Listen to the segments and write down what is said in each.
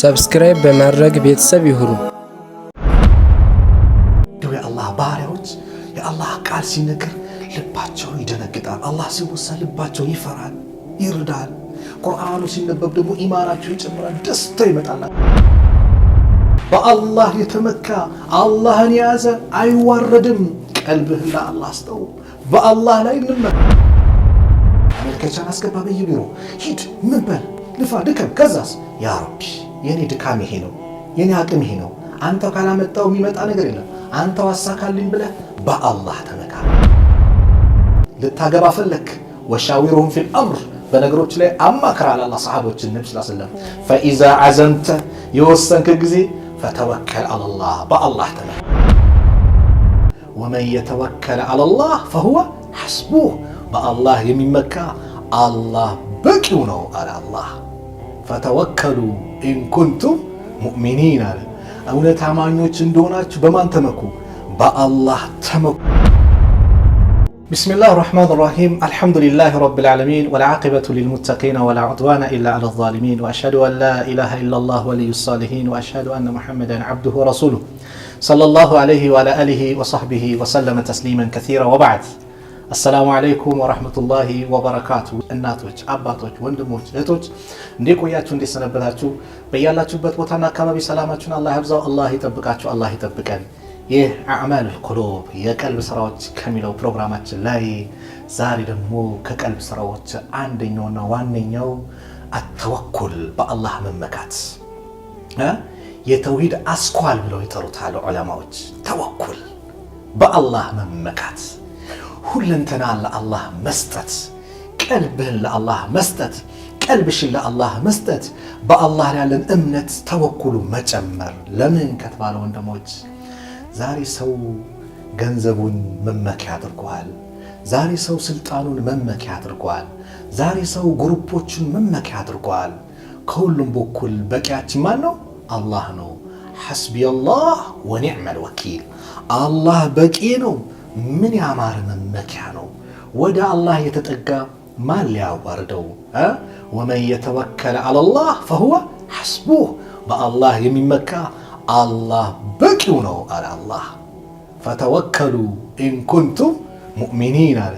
ሰብስክራይብ በማድረግ ቤተሰብ ይሁኑ። የአላህ ባሪያዎች የአላህ ቃል ሲነገር ልባቸው ይደነግጣል። አላህ ሲወሳ ልባቸው ይፈራል፣ ይርዳል። ቁርአኑ ሲነበብ ደግሞ ኢማናቸው ይጨምራል፣ ደስታ ይመጣላል። በአላህ የተመካ አላህን የያዘ አይዋረድም። ቀልብህን ለአላህ አስጠው። በአላህ ላይ ልመ መልከቻን አስገባ በየቢሮ ሂድ፣ ምን በል፣ ልፋ፣ ድከም። ከዛስ ያ ረቢ የእኔ ድካም ይሄ ነው፣ የእኔ አቅም ይሄ ነው፣ አንተው ካላመጣው የሚመጣ ነገር የለም፣ አንተው አሳካልኝ ብለህ በአላህ ተመካ። ልታገባ ፈለክ፣ ወሻዊሩሁም ፊል አምር፣ በነገሮች ላይ አማክራ አላላ ሰሓቦችን ነብ ስላ ስለም። ፈኢዛ ዓዘምተ የወሰንክ ጊዜ ፈተወከል አላላህ፣ በአላህ ተመካ። ወመን የተወከለ አላላህ ፈሁወ ሐስቡህ፣ በአላህ የሚመካ አላህ በቂው ነው አለ አላህ። فتوكلوا إن كنتم مؤمنين على أولا تعمانيو تشندوناتش بمان تمكو با الله تمكو بسم الله الرحمن الرحيم الحمد لله رب العالمين والعاقبة للمتقين ولا عدوان إلا على الظالمين وأشهد أن لا إله إلا الله ولي الصالحين وأشهد أن محمدا عبده ورسوله صلى الله عليه وعلى آله وصحبه وسلم تسليما كثيرا وبعد አሰላሙ አለይኩም ወራህመቱላሂ ወበረካቱ። እናቶች፣ አባቶች፣ ወንድሞች፣ እህቶች እንዴት ቆያችሁ? እንዴት ሰነበታችሁ? በያላችሁበት ቦታና አካባቢ ሰላማችሁን አላህ ያብዛው፣ አላህ ይጠብቃችሁ፣ አላህ ይጠብቀን። ይህ አዕማል ቁሉብ የቀልብ ስራዎች ከሚለው ፕሮግራማችን ላይ ዛሬ ደግሞ ከቀልብ ስራዎች አንደኛውና ዋነኛው አተወኩል በአላህ መመካት የተውሂድ አስኳል ብለው ይጠሩታል ዑለማዎች። ተወኩል በአላህ መመካት ሁለንተናን ለአላህ መስጠት፣ ቀልብህን ለአላህ መስጠት፣ ቀልብሽን ለአላህ መስጠት፣ በአላህ ያለን እምነት ተወኩሉ መጨመር። ለምን ከተባለ ወንድሞች ዛሬ ሰው ገንዘቡን መመኪያ አድርጓል። ዛሬ ሰው ስልጣኑን መመኪያ አድርጓል። ዛሬ ሰው ግሩፖቹን መመኪያ አድርጓል። ከሁሉም በኩል በቂያችን ማን ነው? አላህ ነው። ሐስቢ አላህ ወኒዕመል ወኪል፣ አላህ በቂ ነው። ምን ያማረ መመኪያ ነው። ወደ አላህ የተጠጋ ማን ሊያዋርደው? ወመን የተወከለ አለላህ ፈሁወ ሐስቡህ። በአላህ የሚመካ አላህ በቂው ነው አለ አላህ። ፈተወከሉ ኢንኩንቱም ሙእሚኒን አለ።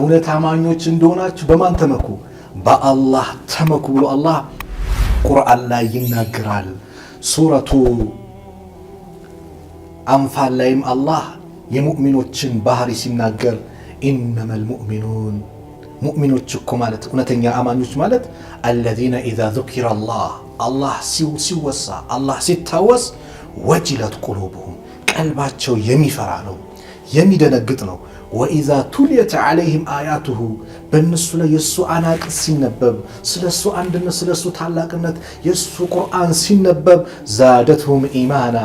እውነት አማኞች እንደሆናችሁ በማን ተመኩ? በአላህ ተመኩ ብሎ አላህ ቁርአን ላይ ይናገራል። ሱረቱ አንፋል ላይም አላህ የሙእሚኖችን ባህሪ ሲናገር ኢነመል ሙእሚኑን ሙእሚኖች እኮ ማለት እውነተኛ አማኞች ማለት አለዚነ ኢዛ ዙኪረ አላህ አላህ ሲወሳ አላህ ሲታወስ ወጅለት ቁሉብሁም ቀልባቸው የሚፈራ ነው፣ የሚደነግጥ ነው። ወኢዛ ቱልየት ዓለይህም አያቱሁ በእነሱ ላይ የእሱ አናቅስ ሲነበብ ስለ እሱ አንድነት፣ ስለ እሱ ታላቅነት የእሱ ቁርአን ሲነበብ ዛደትሁም ኢማና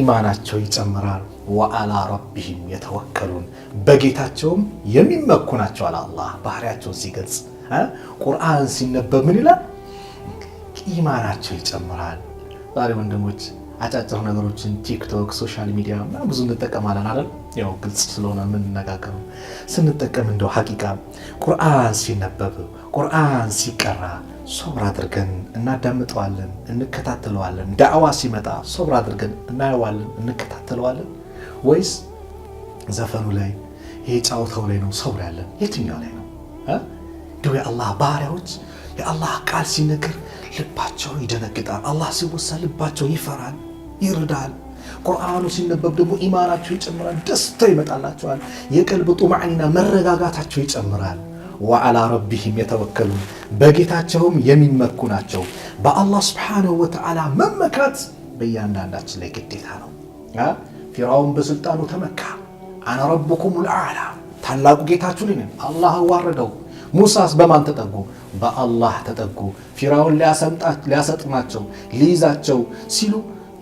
ኢማናቸው ይጨምራል። ወአላ ረቢህም የተወከሉን በጌታቸውም የሚመኩ ናቸው አለ አላህ። ባህሪያቸውን ሲገልጽ ቁርአን ሲነበብ ምን ይላል? ኢማናቸው ይጨምራል። ዛሬ ወንድሞች አጫጭር ነገሮችን ቲክቶክ፣ ሶሻል ሚዲያ ብዙ እንጠቀማለን አይደል? ያው ግልጽ ስለሆነ የምንነጋገሩ ስንጠቀም እንደው ሀቂቃ ቁርአን ሲነበብ ቁርአን ሲቀራ ሶብር አድርገን እናዳምጠዋለን፣ እንከታተለዋለን። ዳዕዋ ሲመጣ ሶብር አድርገን እናየዋለን፣ እንከታተለዋለን። ወይስ ዘፈኑ ላይ ይሄ ጫውተው ላይ ነው ሰው ያለን? የትኛው ላይ ነው እንዲሁ? የአላህ ባህሪያዎች የአላህ ቃል ሲነገር ልባቸው ይደነግጣል። አላህ ሲወሳ ልባቸው ይፈራል፣ ይርዳል። ቁርአኑ ሲነበብ ደግሞ ኢማናቸው ይጨምራል፣ ደስታ ይመጣላቸዋል። የቀልብ ጡማዕኒና መረጋጋታቸው ይጨምራል። ወዓላ ረቢህም የተወከሉ በጌታቸውም የሚመኩ ናቸው። በአላህ ስብሓንሁ ወተዓላ መመካት በእያንዳንዳችን ላይ ግዴታ ነው። ፊራውን በስልጣኑ ተመካ። አነ ረብኩም ልአዕላ ታላቁ ጌታችሁ ነኝ አላህ አዋረደው። ሙሳስ በማን ተጠጉ? በአላህ ተጠጉ። ፊራውን ሊያሰጥማቸው ሊይዛቸው ሲሉ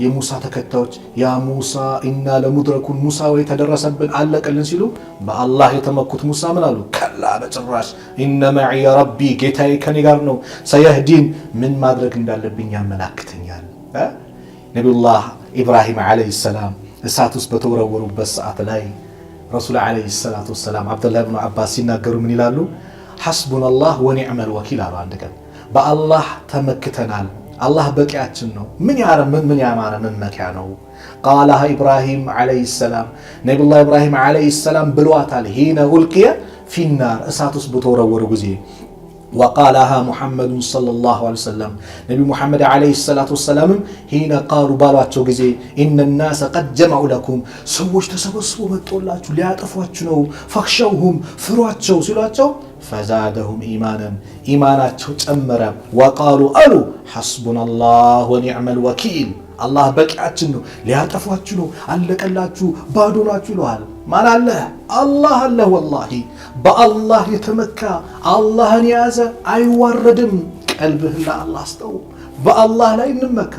የሙሳ ተከታዮች ያ ሙሳ ኢና ለሙድረኩን ሙሳ ወይ ተደረሰብን አለቀልን ሲሉ በአላህ የተመኩት ሙሳ ምን አሉ? ከላ በጭራሽ ኢነ መዕየ ረቢ ጌታዬ ከኔ ጋር ነው፣ ሰየህዲን ምን ማድረግ እንዳለብኝ ያመላክተኛል። ነቢዩላህ ኢብራሂም ዓለይሂ ሰላም እሳት ውስጥ በተወረወሩበት ሰዓት ላይ ረሱል ዓለይሂ ሰላቱ ወሰላም አብዱላህ ብኑ አባስ ሲናገሩ ምን ይላሉ? ሐስቡናላህ ወኒዕመል ወኪል አሉ። አንድ ቀን በአላህ ተመክተናል፣ አላህ በቂያችን ነው። ምን ያማረ መመኪያ ነው። ቃላሃ ኢብራሂም ዓለይሂ ሰላም ነቢዩላህ ኢብራሂም ዓለይሂ ሰላም ብሏታል። ሂነ ኡልቅየ ፊናር እሳት ውስጥ በተወረወሩ ጊዜ ወቃላሃ ሙሐመዱን ሰለላሁ ዐለይሂ ወሰለም ነቢ ሙሐመድ ዐለይሂ ሰላቱ ወሰላምም ሂነ ቃሉ ባሏቸው ጊዜ ኢነ ናሰ ቀድ ጀመዑ ለኩም ሰዎች ተሰበስቦ መጦላችሁ ሊያጠፏችሁ ነው፣ ፈክሸውሁም ፍሯቸው ሲሏቸው ፈዛደሁም ኢማናን ኢማናቸው ጨመረ። ወቃሉ አሉ ሐስቡናላህ ወኒዕመል ወኪል አላህ በቂያችን ነው። ሊያጠፏችሁ ነው፣ አለቀላችሁ፣ ባዶ ናችሁ ይለዋል። ማን አለ? አላህ አለ። ወላሂ በአላህ የተመካ አላህን የያዘ አይዋረድም። ቀልብህን ለአላህ አስጠው። በአላህ ላይ እንመካ።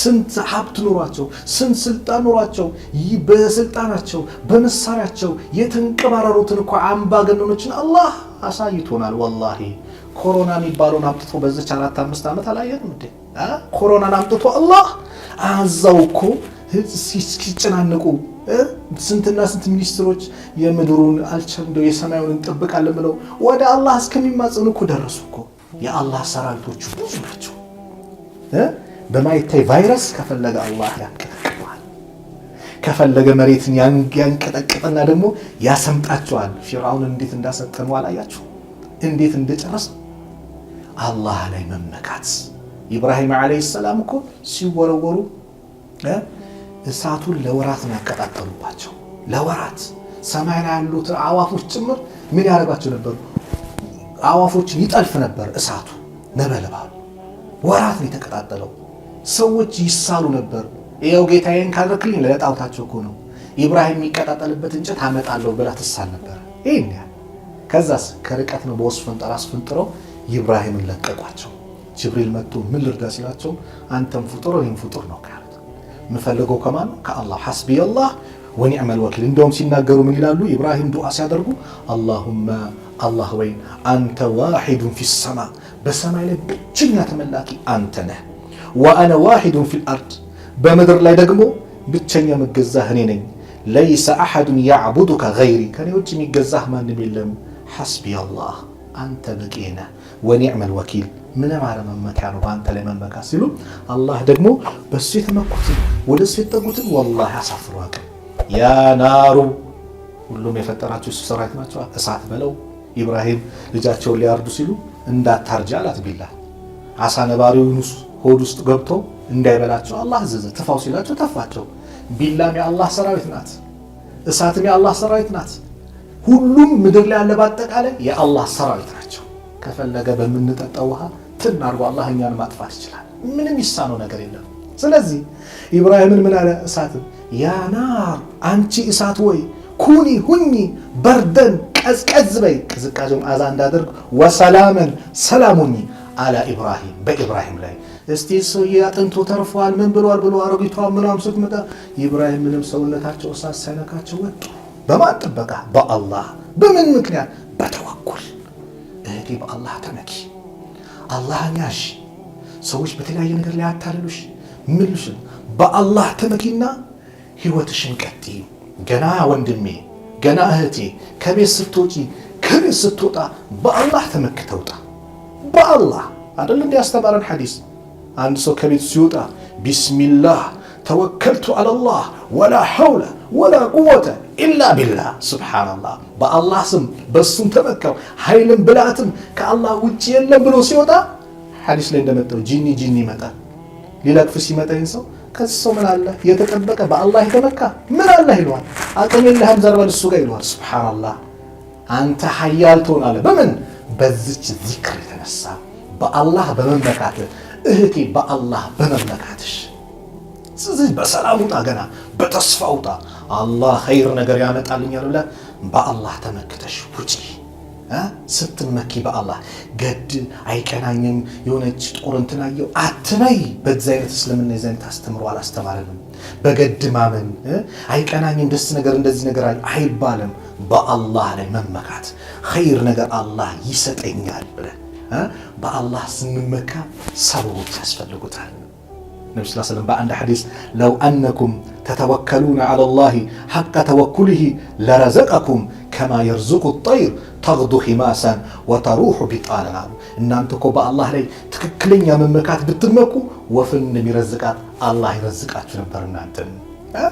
ስንት ሀብት ኖሯቸው፣ ስንት ስልጣን ኖሯቸው፣ በስልጣናቸው በመሳሪያቸው የተንቀባረሩትን እኮ አምባገነኖችን አላህ አሳይቶናል። ወላሂ ኮሮና የሚባለውን አምጥቶ በዚች አራት አምስት ዓመት አላየንም እንዴ? ኮሮናን አምጥቶ አላህ አዛው እኮ ሲጨናነቁ ስንትና ስንት ሚኒስትሮች የምድሩን አልቸንደው የሰማዩን እንጠብቃለን ብለው ወደ አላህ እስከሚማጸኑ እኮ ደረሱ እኮ። የአላህ ሰራዊቶቹ ብዙ ናቸው። በማይታይ ቫይረስ ከፈለገ አላህ ያንቀ ከፈለገ መሬትን ያንቀጠቅጥና ደግሞ ያሰምጣቸዋል። ፊርዓውን እንዴት እንዳሰጠሙ አላያችሁ? እንዴት እንደጨረሰ አላህ ላይ መመካት። ኢብራሂም ዓለይሂ ሰላም እኮ ሲወረወሩ እሳቱን ለወራት ነው ያቀጣጠሉባቸው። ለወራት ሰማይ ላይ ያሉት አዋፎች ጭምር ምን ያደርጓቸው ነበሩ? አዋፎችን ይጠልፍ ነበር እሳቱ ነበልባሉ። ወራት ነው የተቀጣጠለው። ሰዎች ይሳሉ ነበር። ይኸው ጌታዬን ካደረክልኝ ለጣውታቸው እኮ ነው ኢብራሂም የሚቀጣጠልበት እንጨት አመጣለሁ ብላ ትሳል ነበር። ይህን ያህል ከዛስ ከርቀት ነው በወስ ፈንጠር አስፈንጥረው ኢብራሂምን ለቀቋቸው። ጅብሪል መጥቶ ምን ልርዳ ሲላቸው አንተም ፍጡር ወይም ፍጡር ነው ካሉት የምፈልገው ከማን ከአላህ ሐስቢ አላህ ወኒዕመል ወኪል። እንደውም ሲናገሩ ምን ይላሉ? ኢብራሂም ዱዓ ሲያደርጉ አላሁመ አላህ ወይ አንተ ዋሒዱን ፊ ሰማ፣ በሰማይ ላይ ብቸኛ ተመላኪ አንተ ነህ። ወአነ ዋሒዱን ፊል አርድ በምድር ላይ ደግሞ ብቸኛ መገዛህ እኔ ነኝ። ለይሰ አሐዱን ያዕቡዱከ ገይሪ ከኔ ውጭ የሚገዛህ ማንም የለም። ሐስቢ አላህ አንተ በቂ ነህ፣ ወኒዕመል ወኪል ምንም አለመመኪያ ነው በአንተ ላይ መመካ ሲሉ አላህ ደግሞ በእሱ የተመኩትን ወደ እሱ የተጠጉትን ወላሂ አሳፍሮ አቅም ያ ናሩ ሁሉም የፈጠራቸው እሱ ሰራዊት ናቸው እሳት በለው ኢብራሂም ልጃቸውን ሊያርዱ ሲሉ እንዳታርጃ አላት ቢላ አሳ ነባሪው ዩኑስ ሆድ ውስጥ ገብቶ እንዳይበላቸው አላህ አዘዘ። ትፋው ሲላቸው ተፋቸው። ቢላም የአላህ ሰራዊት ናት፣ እሳትም የአላህ ሰራዊት ናት። ሁሉም ምድር ላይ ያለ በአጠቃላይ የአላህ ሰራዊት ናቸው። ከፈለገ በምንጠጣው ውሃ ትን አድርጎ አላህ እኛን ማጥፋት ይችላል። ምንም ይሳነው ነገር የለም። ስለዚህ ኢብራሂምን ምን አለ? እሳትም ያ ናር አንቺ እሳት ወይ ኩኒ ሁኚ በርደን ቀዝቀዝ በይ ቅዝቃዜው አዛ እንዳደርግ ወሰላመን ሰላም አላ ኢብራሂም በኢብራሂም ላይ እስቲ ሰውዬ አጥንቱ ተርፏል፣ ምን ብሏል ብሎ አሮጊቷ ምናም ስትመጣ ኢብራሂም ምንም ሰውነታቸው እሳት ሳይነካቸው ወጡ። በማን ጥበቃ? በአላህ። በምን ምክንያት? በተወኩል። እህቴ በአላህ ተመኪ፣ አላህን ያሽ። ሰዎች በተለያየ ነገር ላይ አታልሉሽ። ምልሽ በአላህ ተመኪና ህይወትሽን ቀጥይ። ገና ወንድሜ፣ ገና እህቴ፣ ከቤት ስትወጪ፣ ከቤት ስትወጣ በአላህ ተመክተውጣ በአላህ አይደል እንዲ ያስተማረን ሐዲስ አንድ ሰው ከቤት ሲወጣ ቢስሚላህ ተወከልቱ አለላህ ወላ ሐውለ ወላ ቁወተ ኢላ ቢላህ። ሱብሓነላህ በአላህ ስም በሱም ተመካው ኃይልም ብላትም ከአላህ ውጭ የለም ብሎ ሲወጣ ሐዲስ ላይ እንደመጣው ጂኒ ጂኒ ይመጣል። ሌላ ሲመጣ ይህን ሰው ከዚህ ሰው ምን አለ የተጠበቀ በአላህ የተመካ ምን አለ ይለዋል። አቅም የለህም ዘርበል እሱ ጋር ይለዋል። ሱብሓነላህ አንተ ሀያል ትሆናለህ በምን በዚች ዚክር የተነሳ በአላህ በመመካት እህቴ፣ በአላህ በመመካትሽ ስለዚህ በሰላም ውጣ፣ ገና በተስፋ ውጣ። አላህ ኸይር ነገር ያመጣልኛል ብለህ በአላህ ተመክተሽ ውጪ። ስትመኪ በአላህ ገድ አይቀናኝም፣ የሆነች ጥቁር እንትናየው አትበይ። በዚ አይነት እስልምና የዚ አይነት አስተምሮ አላስተማረንም። በገድ ማመን አይቀናኝም፣ ደስ ነገር እንደዚህ ነገር አይባልም። በአላህ ላይ መመካት ኸይር ነገር አላህ ይሰጠኛል ብለህ በአላህ ስንመካ ሰበቦች ያስፈልጉታል። ነቢ ስ ስለም በአንድ ሐዲስ ለው አነኩም ተተወከሉነ ዐላ ላሂ ሐቀ ተወኩልህ ለረዘቀኩም ከማ የርዙቁ ጠይር ተግዱ ሂማሰን ወተሩሑ ቢጣንን አሉ። እናንተ እኮ በአላህ ላይ ትክክለኛ መመካት ብትመኩ ወፍን እንደሚረዝቃት አላህ ይረዝቃችሁ ነበር። እናንተን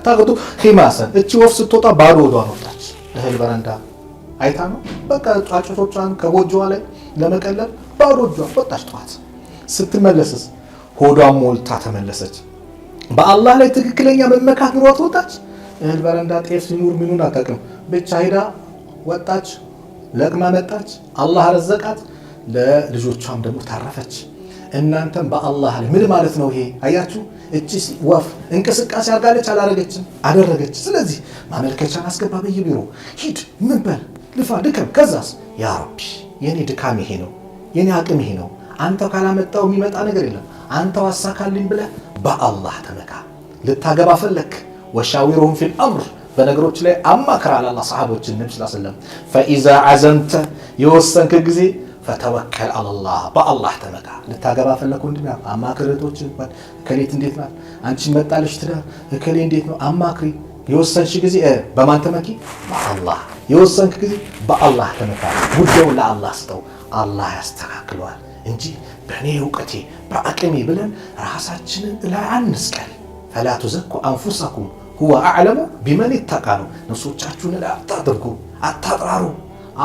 ተግዱ ሂማሳን እቺ ወፍ ስትወጣ ባዶ ወዷን ወጣች። እህል በረንዳ አይታ ነው በቃ ጫጩቶቿን ከጎጆዋ ላይ ለመቀለብ ባዶ እጇን ወጣች ጠዋት። ስትመለስስ ሆዷን ሞልታ ተመለሰች። በአላህ ላይ ትክክለኛ መመካት ኑሯት ወጣች። እህል በረንዳ ጤፍ ሲኑር ምኑን አታውቅም። ብቻ ሄዳ ወጣች፣ ለቅማ መጣች። አላህ ረዘቃት፣ ለልጆቿም ደግሞ ታረፈች። እናንተም በአላህ ላይ ምን ማለት ነው ይሄ? አያችሁ፣ እቺ ወፍ እንቅስቃሴ አርጋለች አላረገችም? አደረገች። ስለዚህ ማመልከቻን አስገባ በየቢሮ ሂድ፣ ምን በል፣ ልፋ፣ ድከም። ከዛስ ያ ረቢ የእኔ ድካም ይሄ ነው የኔ አቅም ይሄ ነው፣ አንተው ካላመጣው የሚመጣ ነገር የለም፣ አንተው አሳካልኝ ብለህ በአላህ ተመካ። ልታገባ ፈለክ፣ ወሻዊሩሁም ፊል አምር በነገሮች ላይ አማክር አለ አላህ ሰሓቦችን ነቢ ስ ስለም። ፈኢዛ ዓዘምተ የወሰንክ ጊዜ ፈተወከል አላህ በአላህ ተመካ። ልታገባ ፈለክ ወንድሜ አማክር። እህቶች እከሌት እንዴት ናት? አንቺ መጣለች ትዳር እከሌ እንዴት ነው? አማክሪ። የወሰንሽ ጊዜ በማን ተመኪ? በአላህ የወሰንክ ጊዜ በአላህ ተመካ። ጉዳዩን ለአላህ ስጠው። አላህ ያስተካክለዋል እንጂ በእኔ እውቀቴ በአቅሜ ብለን ራሳችንን ላይ አንስቀል። ፈላ ቱዘኩ አንፉሳኩም ሁወ አዕለሙ ቢመን ይተቃ ነው። ነፍሶቻችሁን ላይ አታድርጉ፣ አታጥራሩ።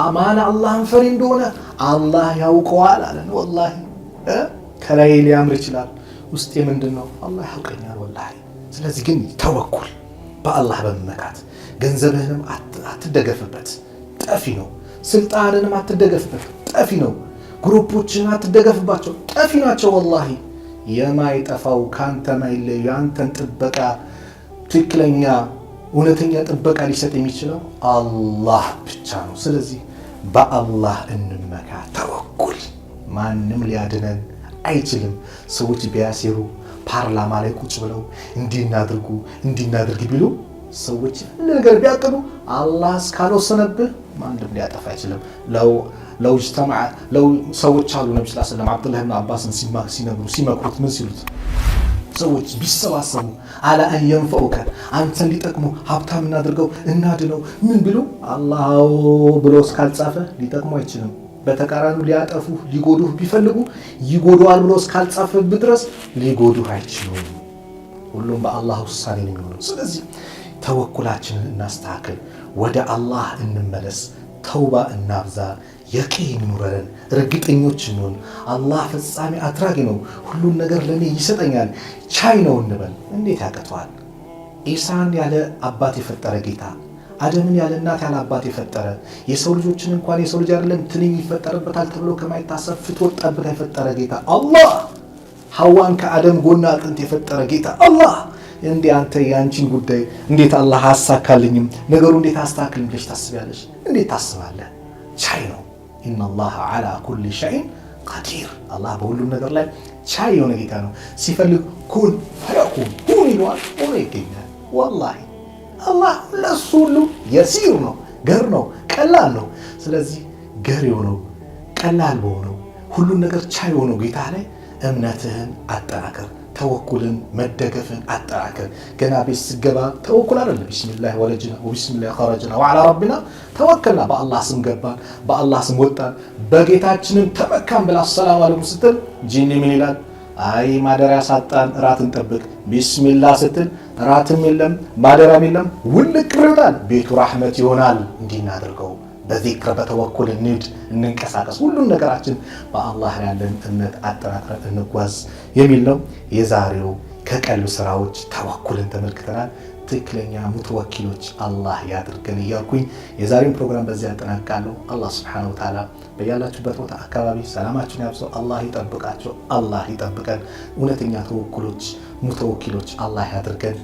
አማን አላህን ፈሪ እንደሆነ አላህ ያውቀዋል አለን። ወላሂ ከላይ ሊያምር ይችላል፣ ውስጤ ምንድን ነው አላህ ያውቀኛል። ወላሂ ስለዚህ ግን ተወኩል በአላህ በመመካት ገንዘብህንም አትደገፍበት፣ ጠፊ ነው። ስልጣንንም አትደገፍበት ጠፊ ነው። ግሩፖችን አትደገፍባቸው፣ ጠፊ ናቸው። ወላሂ የማይጠፋው ከአንተ ማይለዩ የአንተን ጥበቃ ትክክለኛ እውነተኛ ጥበቃ ሊሰጥ የሚችለው አላህ ብቻ ነው። ስለዚህ በአላህ እንመካ፣ ተወኩል። ማንም ሊያድነን አይችልም። ሰዎች ቢያሴሩ ፓርላማ ላይ ቁጭ ብለው እንዲናድርጉ እንዲናድርግ ቢሉ ሰዎች ነገር ቢያቅዱ አላህ እስካልወሰነብህ ማንም ሊያጠፋ አይችልም። ሰዎች አሉ ነቢ ስ ለም አብዱላህ ብን አባስን ሲነግሩ ሲመክሩት ምን ሲሉት ሰዎች ቢሰባሰቡ አላ አን የንፈኡከ ሊጠቅሙ ሀብታም እናድርገው እናድነው ምን ብሎ አላህ ብሎ እስካልጻፈ ሊጠቅሙ አይችልም። በተቃራኒ ሊያጠፉ ሊጎዱህ ቢፈልጉ ይጎዱዋል ብሎ እስካልጻፈብህ ድረስ ሊጎዱህ አይችሉም። ሁሉም በአላህ ውሳኔ ነው የሚሆነው። ስለዚህ ተወኩላችንን እናስተካክል፣ ወደ አላህ እንመለስ፣ ተውባ እናብዛ፣ የቂን ኑረን እርግጠኞች እንሆን። አላህ ፍጻሜ አትራጊ ነው፣ ሁሉን ነገር ለእኔ ይሰጠኛል፣ ቻይ ነው እንበል። እንዴት ያቀተዋል? ኢሳን ያለ አባት የፈጠረ ጌታ አደምን ያለ እናት ያለ አባት የፈጠረ የሰው ልጆችን እንኳን የሰው ልጅ አይደለም ትንኝ ይፈጠርበታል ተብሎ ከማይታሰብ ፍትወት ጠብቃ የፈጠረ ጌታ አላህ ሐዋን ከአደም ጎና አጥንት የፈጠረ ጌታ አላህ እንዴ አንተ የአንቺን ጉዳይ እንዴት አላህ አሳካልኝም ነገሩ እንዴት አስተካክልኝ ብለሽ ታስቢያለሽ? እንዴት ታስባለህ? ቻይ ነው። ኢነላህ ዓላ ኩል ሸይን ቀዲር። አላህ በሁሉም ነገር ላይ ቻይ የሆነ ጌታ ነው። ሲፈልግ ኩን ፈለኩን ሁን ይለዋል፣ ሆኖ ይገኛል። ወላሂ አላህ ለሱ ሁሉ የሲሩ ነው፣ ገር ነው፣ ቀላል ነው። ስለዚህ ገር የሆነው ቀላል በሆነው ሁሉም ነገር ቻይ የሆነው ጌታ ላይ እምነትህን አጠናከር። ተወኩልን መደገፍን አጠራክር። ገና ቤት ስገባ ተወኩል አለ። ቢስሚላ ወለጅና ቢስሚላ ኸረጅና ወዐላ ረቢና ተወከልና። በአላህ ስም ገባን፣ በአላህ ስም ወጣን፣ በጌታችንም ተመካን ብላ አሰላሙ አለይኩም ስትል ጂኒ ምን ይላል? አይ ማደሪያ ሳጣን ራት እንጠብቅ። ቢስሚላ ስትል ራትም የለም ማደሪያም የለም፣ ውልቅ ይላል። ቤቱ ራህመት ይሆናል። እንዲናደርገው በዚክር በተወኩል እንሂድ፣ እንንቀሳቀስ፣ ሁሉን ነገራችን በአላህ ያለን እምነት አጠናክረን እንጓዝ የሚል ነው። የዛሬው ከቀሉ ስራዎች ተወኩልን ተመልክተናል። ትክክለኛ ሙትወኪሎች አላህ ያድርገን እያልኩኝ የዛሬውን ፕሮግራም በዚህ ያጠናቅቃለሁ። አላህ ስብሐነሁ ወተዓላ በያላችሁበት ቦታ አካባቢ ሰላማችሁን ያብዛው። አላህ ይጠብቃቸው፣ አላህ ይጠብቀን። እውነተኛ ተወኩሎች ሙተወኪሎች አላህ ያድርገን።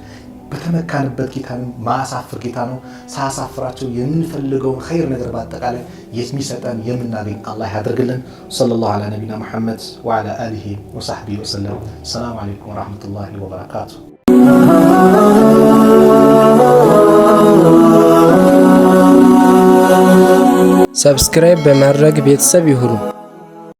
በተመካንበት ጌታ ነው። ማሳፍር ጌታ ነው። ሳሳፍራቸው የምንፈልገውን ኸይር ነገር በአጠቃላይ የሚሰጠን የምናገኝ አላህ ያደርግልን። ሰለላሁ ዐላ ነቢና መሐመድ ወዐላ አሊሂ ወሳሕቢሂ ወሰለም። ሰላሙ አለይኩም ወረሕመቱላሂ ወበረካቱ። ሰብስክራይብ በማድረግ ቤተሰብ ይሁኑ።